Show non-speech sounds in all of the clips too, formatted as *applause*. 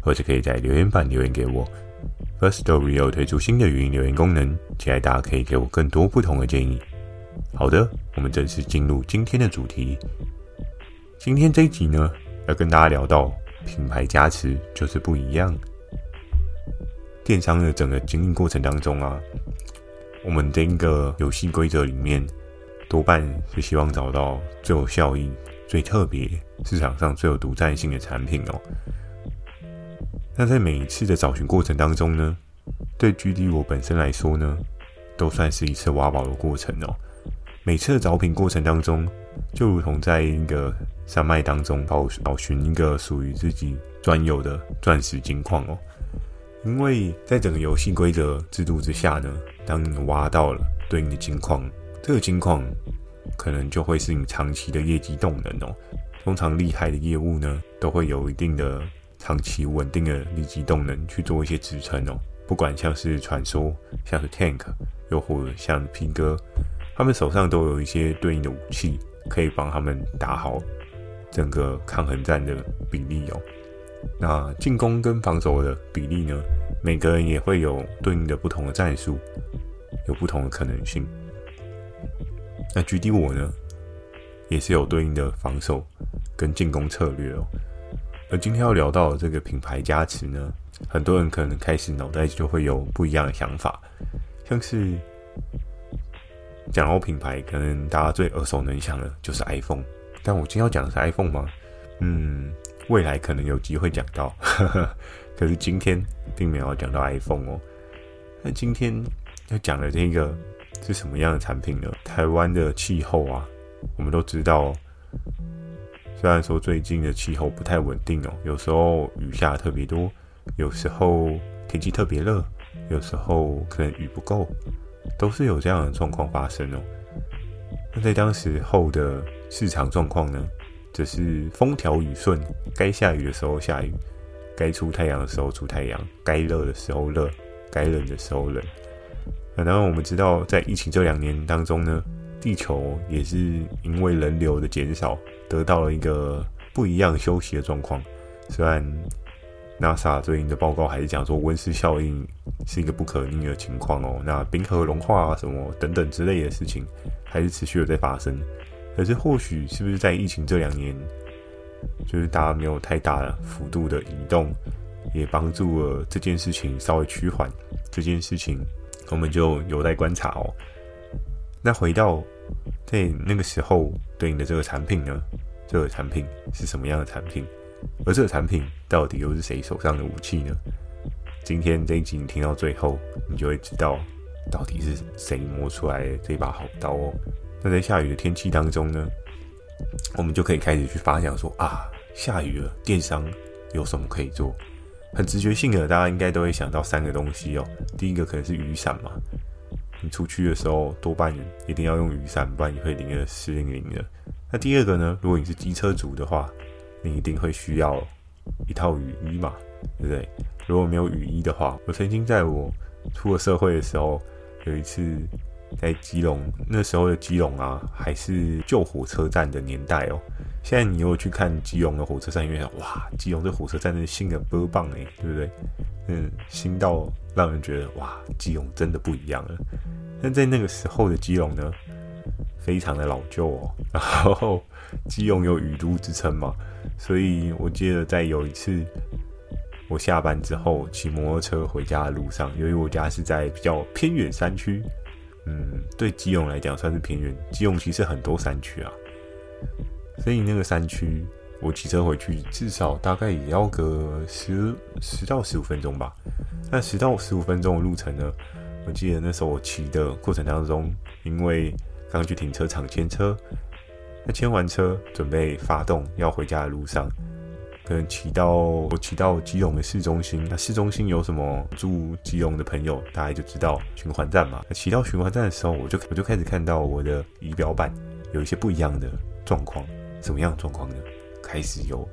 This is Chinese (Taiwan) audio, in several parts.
或者可以在留言板留言給我。Firstory 推出新的語音留言功能，期待大家可以給我更多不同的建議。好的，我們正式進入今天的主題。今天這一集呢，要跟大家聊到品牌加持就是不一樣。電商的整個經營過程當中啊，我們的一個遊戲規則裡面，多半是希望找到最有效益、最特別、市場上最有獨占性的產品哦。那在每一次的找尋過程當中呢，對 GD 我本身來說呢，都算是一次挖寶的過程哦、喔。每次的找品過程當中，就如同在一個山脈當中找找尋一個屬於自己專有的鑽石金礦哦、喔。因為在整個遊戲規則制度之下呢，當你挖到了對應的金礦，這個金礦可能就會是你長期的業績動能哦、喔。通常厲害的業務呢，都會有一定的。長期穩定的立即動能去做一些支撐哦。不管像是傳說，像是 Tank，又或者像是平哥，他們手上都有一些對應的武器，可以幫他們打好整個抗衡戰的比例哦。那進攻跟防守的比例呢？每個人也會有對應的不同的戰術，有不同的可能性。那 GD 我呢，也是有對應的防守跟進攻策略哦。而今天要聊到的這個品牌加持呢，很多人可能開始腦袋就會有不一樣的想法，像是講到品牌，可能大家最耳熟能詳的，就是 iPhone。但我今天要講的是 iPhone 嗎？嗯，未來可能有機會講到，呵呵，可是今天並沒有講到 iPhone 哦。那今天要講的這個是什麼樣的產品呢？台灣的氣候啊，我們都知道哦。雖然說最近的氣候不太穩定哦，有時候雨下特別多，有時候天氣特別熱，有時候可能雨不夠，都是有這樣的狀況發生哦。那在當時候的市場狀況呢，則是風調雨順，該下雨的時候下雨，該出太陽的時候出太陽，該熱的時候熱，該冷的時候冷。那當然我們知道，在疫情這兩年當中呢，地球也是因為人流的減少。得到了一個不一樣休息的狀況，雖然 NASA 最近的報告還是講說，溫室效應是一個不可逆的情況哦，那冰河融化啊什麼等等之類的事情還是持續有在發生，可是或許是不是在疫情這兩年，就是大家沒有太大幅度的移動，也幫助了這件事情稍微趨緩，這件事情我們就有待觀察哦。那回到。在那個時候對應的這個產品呢，這個產品是什麼樣的產品？而這個產品到底又是誰手上的武器呢？今天這一集你聽到最後，你就會知道到底是誰磨出來的這一把好刀哦。那在下雨的天氣當中呢，我們就可以開始去發想說啊，下雨了，電商有什麼可以做？很直覺性的，大家應該都會想到三個東西哦。第一個可能是雨傘嘛。你出去的時候多半一定要用雨傘，不然你會淋得濕淋淋的。那第二個呢？如果你是機車族的話，你一定會需要一套雨衣嘛，對不對？如果沒有雨衣的話，我曾經在我出了社會的時候，有一次。在基隆那時候的基隆啊，還是舊火車站的年代哦。現在你又去看基隆的火車站，因為哇，基隆這火車站是新的波棒誒，對不對？嗯，新到讓人覺得哇，基隆真的不一樣了。但在那個時候的基隆呢，非常的老舊哦。然後基隆有雨都之稱嘛，所以我記得在有一次我下班之後騎摩托車回家的路上，由於我家是在比較偏遠山區。嗯，對基隆來講算是偏遠，基隆其實很多山區啊，所以那個山區，我騎車回去至少大概也要個十十到十五分鐘吧。那十到十五分鐘的路程呢，我記得那時候我騎的過程當中，因為剛去停車場牽車，那牽完車準備發動要回家的路上。可能騎到我騎到基隆的市中心，那市中心有什麼？住基隆的朋友，大概就知道循環站嘛。那騎到循環站的時候，我就我就開始看到我的儀表板有一些不一樣的狀況，什麼樣的狀況呢？開始有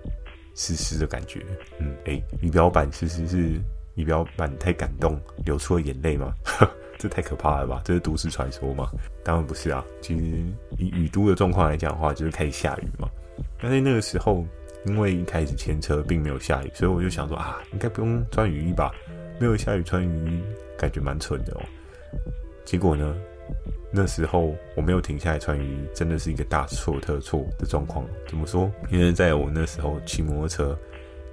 濕濕的感覺。嗯，誒、欸，儀表板其實是儀表板太感動流出了眼淚嗎？呵，這太可怕了吧？這是都市傳說嗎？當然不是啊，其實以雨都的狀況來講的話，就是開始下雨嘛。但是那個時候。因為一開始牽車並沒有下雨，所以我就想說啊，應該不用穿雨衣吧？沒有下雨穿雨衣，感覺蠻蠢的哦。結果呢，那時候我沒有停下來穿雨衣，真的是一個大錯特錯的狀況。怎麼說？因為在我那時候騎摩托車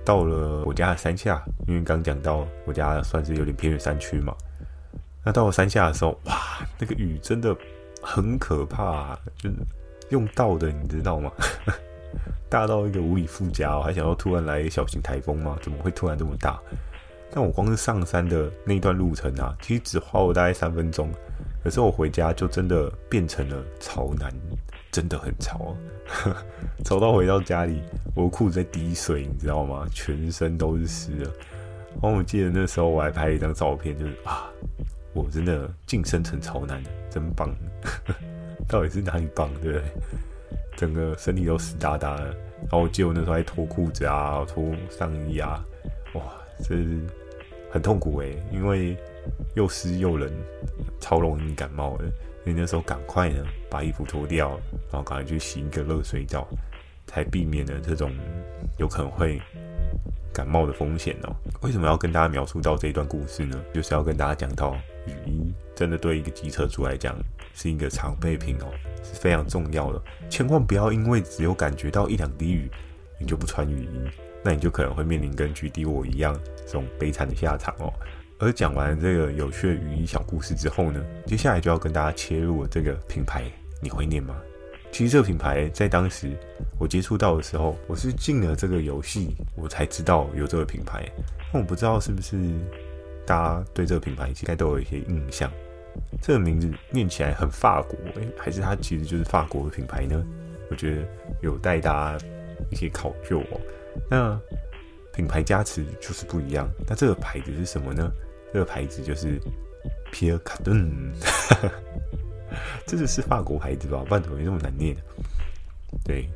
到了我家的山下，因為剛講到我家算是有點偏遠山區嘛。那到了山下的時候，哇，那個雨真的很可怕啊，就用到的，你知道嗎？ *laughs* 大到一個無以複加，我還想要突然來一個小型台風嗎、啊？怎麼會突然這麼大？但我光是上山的那一段路程啊，其實只花了我大概三分鐘，可是我回家就真的變成了潮男，真的很潮啊！ *laughs* 潮到回到家裡，我褲子在滴水，你知道嗎？全身都是濕的。然後我記得那時候我還拍了一張照片，就是啊，我真的晉升成潮男，真棒！ *laughs* 到底是哪裡棒，對不對？整個身體都濕噠噠的，然後我記得我那時候還脫褲子啊，脫上衣啊，哇，這是很痛苦誒，欸，因為又濕又冷，超容易感冒的，所以那時候趕快呢把衣服脫掉了，然後趕快去洗一個熱水澡，才避免了這種有可能會感冒的風險哦。為什麼要跟大家描述到這一段故事呢？就是要跟大家講到。雨衣真的對一個機車族來講是一個常備品哦，是非常重要的。千萬不要因為只有感覺到一兩滴雨，你就不穿雨衣，那你就可能會面臨跟 GD 我一樣這種悲慘的下場哦。而講完這個有趣的雨衣小故事之後呢，接下來就要跟大家切入了這個品牌，你會念嗎？其實這個品牌在當時我接觸到的時候，我是進了這個遊戲，我才知道有這個品牌，但我不知道是不是。大家對這個品牌應該都有一些印象，這個名字念起來很法國、欸，還是它其實就是法國的品牌呢？我覺得有待大家一些考究哦。那品牌加持就是不一樣，那這個牌子是什麼呢？這個牌子就是皮爾卡頓，哈哈，這就是法國牌子吧？不然怎麼沒那麼難念，對。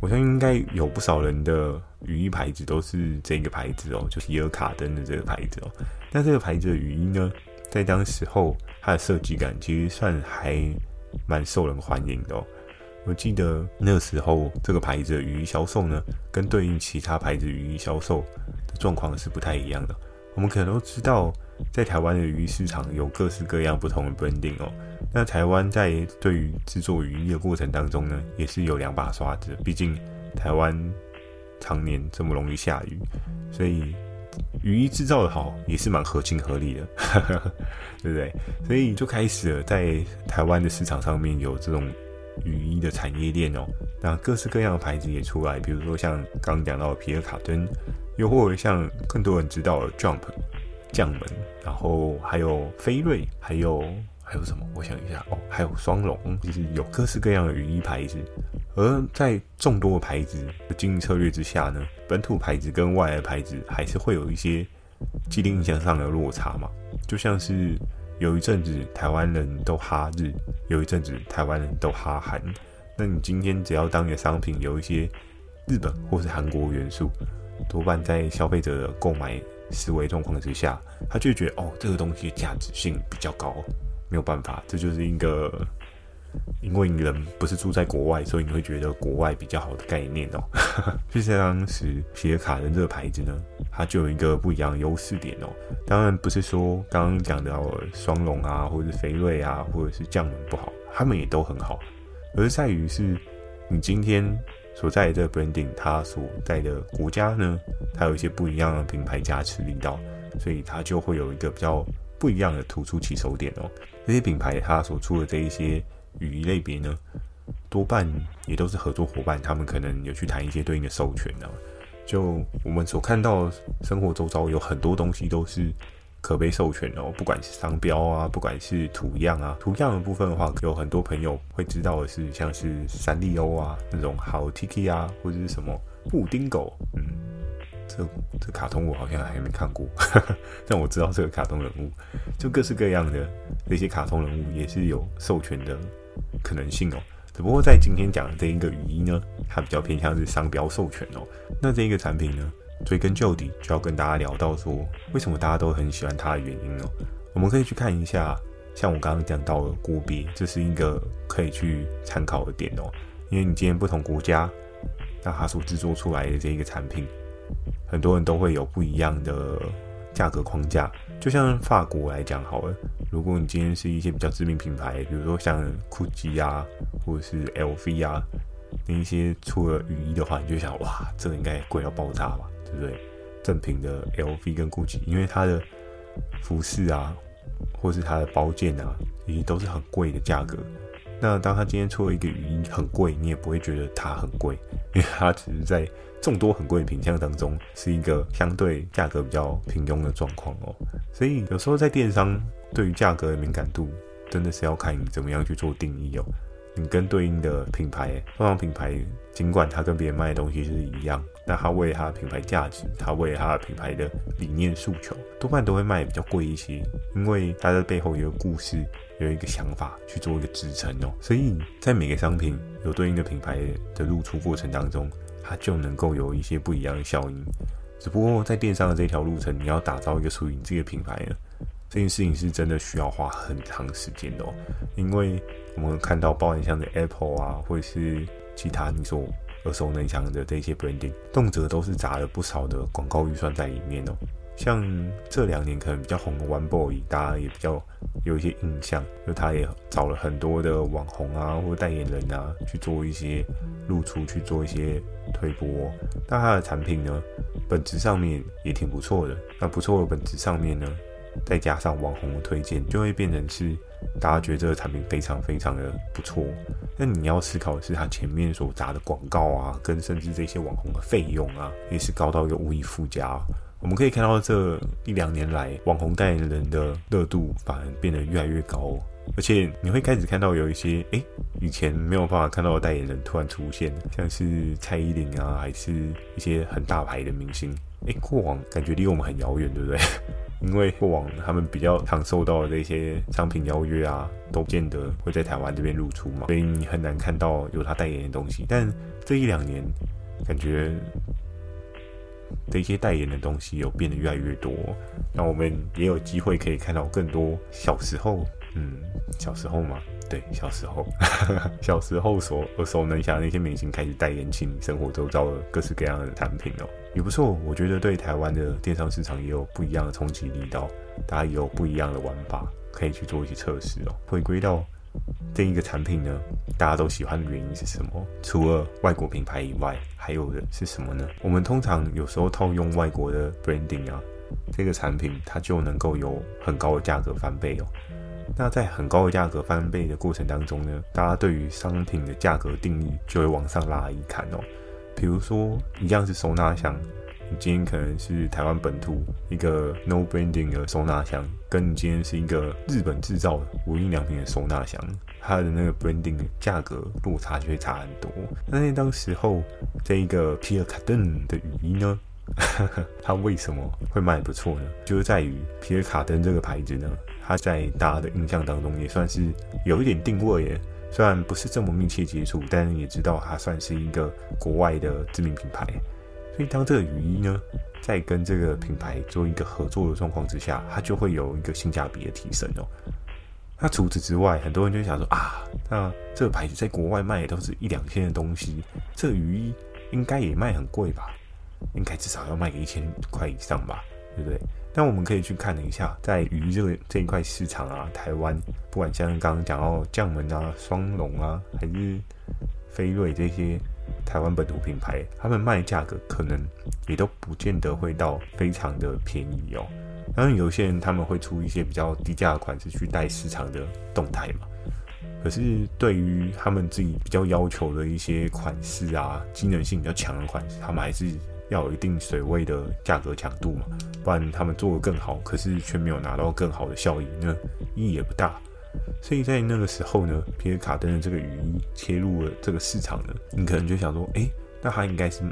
我相信應該有不少人的雨衣牌子都是這個牌子哦，就是皮爾卡登的這個牌子哦。那這個牌子的雨衣呢，在當時後它的設計感其實算還蠻受人歡迎的哦。我記得那個時候，這個牌子的雨衣銷售呢，跟對應其他牌子的雨衣銷售的狀況是不太一樣的。我們可能都知道。在台灣的雨衣市場有各式各樣不同的 blending 哦。那台灣在對於製作雨衣的過程當中呢，也是有兩把刷子。畢竟台灣常年這麼容易下雨，所以雨衣製造的好也是蠻合情合理的， *laughs* 對不對？所以就開始了在台灣的市場上面有這種雨衣的產業鏈哦。那各式各樣的牌子也出來，比如說像剛講到的皮爾卡頓，又或者像更多人知道的 Jump。將門，然後還有飛瑞，還有還有什麼？我想一下，哦，還有雙龍，就是有各式各樣的雨衣牌子。而在眾多的牌子的經營策略之下呢，本土牌子跟外來牌子還是會有一些既定印象上的落差嘛。就像是有一陣子台灣人都哈日，有一陣子台灣人都哈韓。那你今天只要當你的商品有一些日本或是韓國元素，多半在消費者的購買。思維狀況之下，他就覺得哦，這個東西的價值性比較高，哦，沒有辦法，這就是一個，因為你人不是住在國外，所以你會覺得國外比較好的概念哦。 *laughs* 就像當時皮爾卡登這個牌子呢，它就有一個不一樣的優勢點哦。當然不是說剛剛講的雙龍啊，或者是飛瑞啊，或者是將門不好，他們也都很好，而在於是你今天。所在的這個 branding，它所在的國家呢，它有一些不一樣的品牌加持力道，所以它就會有一個比較不一樣的突出起手點哦、喔。這些品牌它所出的這一些雨衣類別呢，多半也都是合作夥伴，他們可能有去談一些對應的授權啊。就我們所看到的生活周遭有很多東西都是。可被授權哦，不管是商標啊，不管是圖樣啊，圖樣的部分的話，有很多朋友會知道的是，像是三麗鷗啊那種 Hello Kitty 啊，或者是什麼布丁狗，嗯，這這卡通我好像還沒看過，哈哈，但我知道這個卡通人物，就各式各樣的這些卡通人物也是有授權的可能性哦。只不過在今天講的這一個雨衣呢，它比較偏向是商標授權哦，那這一個產品呢？追根究底，就要跟大家聊到說，為什麼大家都很喜歡它的原因哦、喔。我們可以去看一下，像我剛剛講到的古幣，這是一個可以去參考的點哦、喔。因為你今天不同國家，那它所製作出來的這一個產品，很多人都會有不一樣的價格框架。就像法國來講好了，如果你今天是一些比較知名品牌，比如說像 GUCCI 啊，或者是 LV 啊，那一些出了雨衣的話，你就想，哇，這個應該貴到爆炸吧。對不對？正品的 LV 跟 Gucci，因為它的服飾啊，或是它的包件啊，其實都是很貴的價格。那當它今天出了一個雨衣很貴，你也不會覺得它很貴，因為它只是在眾多很貴的品項當中，是一個相對價格比較平庸的狀況哦。所以有時候在電商，對於價格的敏感度，真的是要看你怎麼樣去做定義哦。你跟對應的品牌，通常品牌儘管它跟別人賣的東西是一樣，那它為了它的品牌價值，它為了它的品牌的理念訴求，多半都會賣比較貴一些，因為它的背後有個故事，有一個想法去做一個支撐哦。所以在每個商品有對應的品牌的露出過程當中，它就能夠有一些不一樣的效應。只不過在電商的這條路程，你要打造一個屬於你自己的品牌，這件事情是真的需要花很長時間的哦，因為。我們看到包含像的 Apple 啊，或者是其他你所耳熟能詳的這些 branding，動輒都是砸了不少的廣告預算在裡面哦。像這兩年可能比較紅的 One Boy，大家也比較有一些印象，因為他也找了很多的網紅啊，或者代言人啊去做一些露出，去做一些推播哦。但他的產品呢，本質上面也挺不錯的。那不錯的本質上面呢，再加上網紅的推薦，就會變成是。大家覺得這個產品非常非常的不錯，那你要思考的是，它前面所砸的廣告啊，跟甚至這些網紅的費用啊，也是高到一個無以復加。我們可以看到，這一兩年來，網紅代言人的熱度反而變得越來越高，而且你會開始看到有一些，哎，以前沒有辦法看到的代言人突然出現，像是蔡依林啊，還是一些很大牌的明星，哎，過往感覺離我們很遙遠，對不對？因為過往他們比較常受到的這些商品邀約啊，都見得會在台灣這邊露出嘛，所以你很難看到有他代言的東西。但這一兩年，感覺這些代言的東西有變得越來越多，哦，那我們也有機會可以看到更多小時候，嗯，小時候嘛，對，小時候， *laughs* 小時候所耳熟能詳的那些明星開始代言起生活周遭的各式各樣的產品哦。也不錯，我覺得對台灣的電商市場也有不一樣的衝擊力道，大家也有不一樣的玩法，可以去做一些測試哦。回歸到這一個產品呢，大家都喜歡的原因是什麼？除了外國品牌以外，還有的是什麼呢？我們通常有時候套用外國的 branding 啊，這個產品它就能夠有很高的價格翻倍哦。那在很高的價格翻倍的過程當中呢，大家對於商品的價格定義就會往上拉一坎哦。比如說，一樣是收納箱，你今天可能是台灣本土一個 no branding 的收納箱，跟你今天是一個日本製造的無印良品的收納箱，它的那個 branding 價格落差就會差很多。但是當時候這一個皮爾卡登的雨衣呢， *laughs* 它為什麼會賣不錯呢？就是在於皮爾卡登這個牌子呢，它在大家的印象當中也算是有一點定位耶。雖然不是這麼密切接觸，但也知道它算是一個國外的知名品牌，所以當這個雨衣呢，在跟這個品牌做一個合作的狀況之下，它就會有一個性價比的提升哦。那除此之外，很多人就想說啊，那這個牌子在國外賣的都是一兩千的東西，這個雨衣應該也賣很貴吧？應該至少要賣個一千塊以上吧？對不對？那我們可以去看了一下，在雨衣這一塊市場啊，台灣不管像剛剛講到將門啊、雙龍啊，還是飛瑞這些台灣本土品牌，他們賣價格可能也都不見得會到非常的便宜哦。當然，有些人他們會出一些比較低價的款式去帶市場的動態嘛。可是對於他們自己比較要求的一些款式啊，機能性比較強的款式，他們還是要有一定水位的價格強度嘛。不然他們做得更好，可是卻沒有拿到更好的效益，那意義也不大。所以在那個時候呢，皮爾卡登的這個雨衣切入了這個市場呢，你可能就想說，哎，那他應該是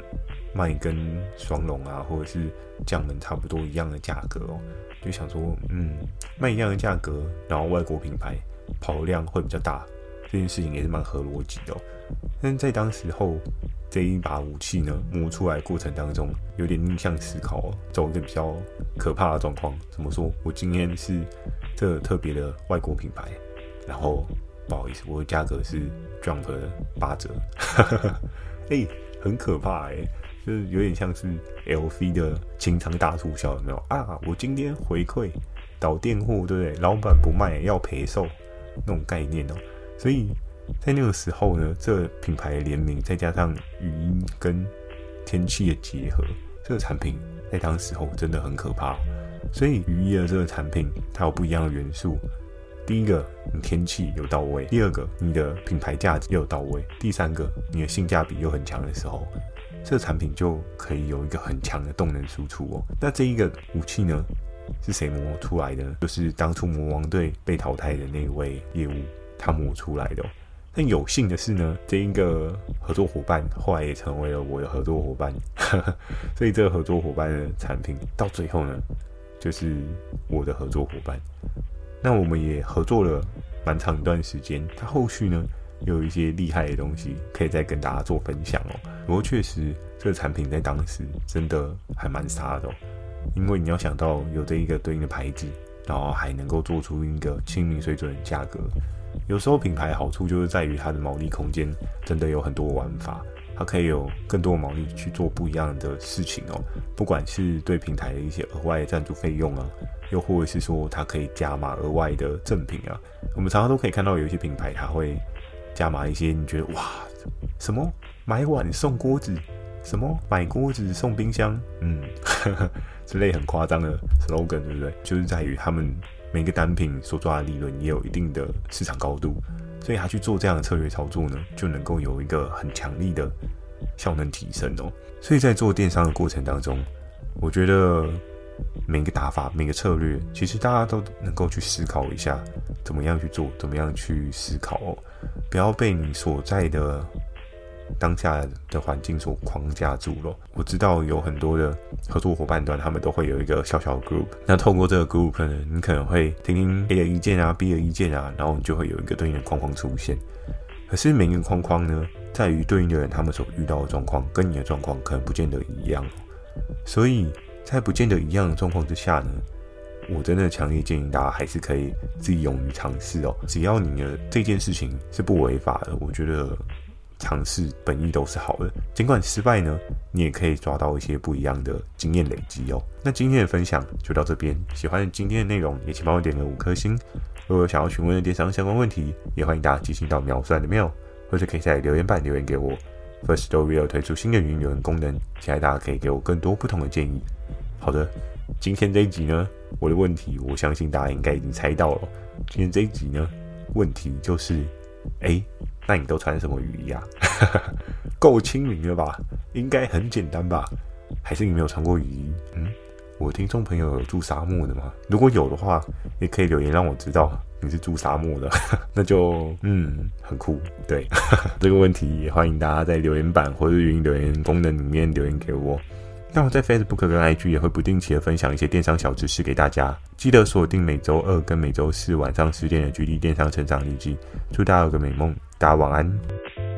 賣跟雙龍啊或者是將門差不多一樣的價格哦，就想說，嗯，賣一樣的價格，然後外國品牌跑量會比較大。這件事情也是蠻合邏輯的，哦，但在當時候這一把武器呢磨出來的過程當中，有點逆向思考，走的比較可怕的狀況。怎麼說，我今天是這個特別的外國品牌，然後不好意思，我的價格是降的八折，哎， *laughs* 欸，很可怕哎，就是有點像是 LV 的清倉大促銷有沒有啊？我今天回饋倒店戶，對不對？老板不賣要賠售那種概念哦。所以在那個時候呢，這品牌的聯名再加上雨衣跟天氣的結合，這個產品在當時候真的很可怕哦。所以雨衣的這個產品，它有不一樣的元素。第一個，你天氣有到位；第二個，你的品牌價值又到位；第三個，你的性價比又很強的時候，這個產品就可以有一個很強的動能輸出哦。那這一個武器呢，是誰磨出來的？就是當初魔王隊被淘汰的那位業務。他磨出來的，哦，但有幸的是呢，這一個合作夥伴後來也成為了我的合作夥伴呵呵，所以這個合作夥伴的產品到最後呢，就是我的合作夥伴。那我們也合作了蠻長一段時間，他後續呢有一些厲害的東西可以再跟大家做分享哦。不過確實這個產品在當時真的還蠻差的，哦，因為你要想到有這一個對應的牌子，然後還能夠做出一個親民水準的價格。有時候品牌好處就是在於它的毛利空間真的有很多玩法，它可以有更多的毛利去做不一樣的事情哦。不管是對平台的一些額外贊助費用啊，又或者是說它可以加碼額外的贈品啊，我們常常都可以看到有一些品牌，它會加碼一些你覺得哇，什麼買碗送鍋子，什麼買鍋子送冰箱，嗯，呵呵，這類很誇張的 slogan 對不對？就是在於他們。每一個單品所抓的利潤也有一定的市場高度，所以他去做這樣的策略操作呢，就能夠有一個很強力的效能提升哦。所以在做電商的過程當中，我覺得每一個打法、每一個策略，其實大家都能夠去思考一下，怎麼樣去做，怎麼樣去思考哦，不要被你所在的。當下的環境所框架住了。我知道有很多的合作夥伴端，他們都會有一個小小的 group。那透過這個 group 呢，你可能會聽聽 A 的意見啊，B 的意見啊，然後你就會有一個對應的框框出現。可是，每一個框框呢，在於對應的人他們所遇到的狀況，跟你的狀況可能不見得一樣。所以在不見得一樣的狀況之下呢，我真的強烈建議大家還是可以自己勇於嘗試哦。只要你的這件事情是不違法的，我覺得。嘗試本意都是好的，儘管失敗呢，你也可以抓到一些不一樣的經驗累積哦。那今天的分享就到這邊，喜歡今天的內容也請幫我點個五顆星。如果有想要詢問的電商相關問題，也歡迎大家寄信到描述欄裡面，或者可以在留言板留言給我。First Story 要推出新的語音留言功能，期待大家可以給我更多不同的建議。好的，今天這一集呢，我的問題我相信大家應該已經猜到了。今天這一集呢，問題就是。哎、欸，那你都穿什麼雨衣啊？夠 *laughs* 清明了吧？應該很簡單吧？還是你沒有穿過雨衣？嗯，我聽眾朋友有住沙漠的嗎？如果有的話，也可以留言讓我知道你是住沙漠的， *laughs* 那就嗯很酷。對， *laughs* 這個問題也歡迎大家在留言板或者語音留言功能裡面留言給我。那我在 Facebook 跟 IG 也會不定期的分享一些電商小知識給大家，記得鎖定每週二跟每週四晚上十點的《GD 電商成長日記》，祝大家有個美夢，大家晚安。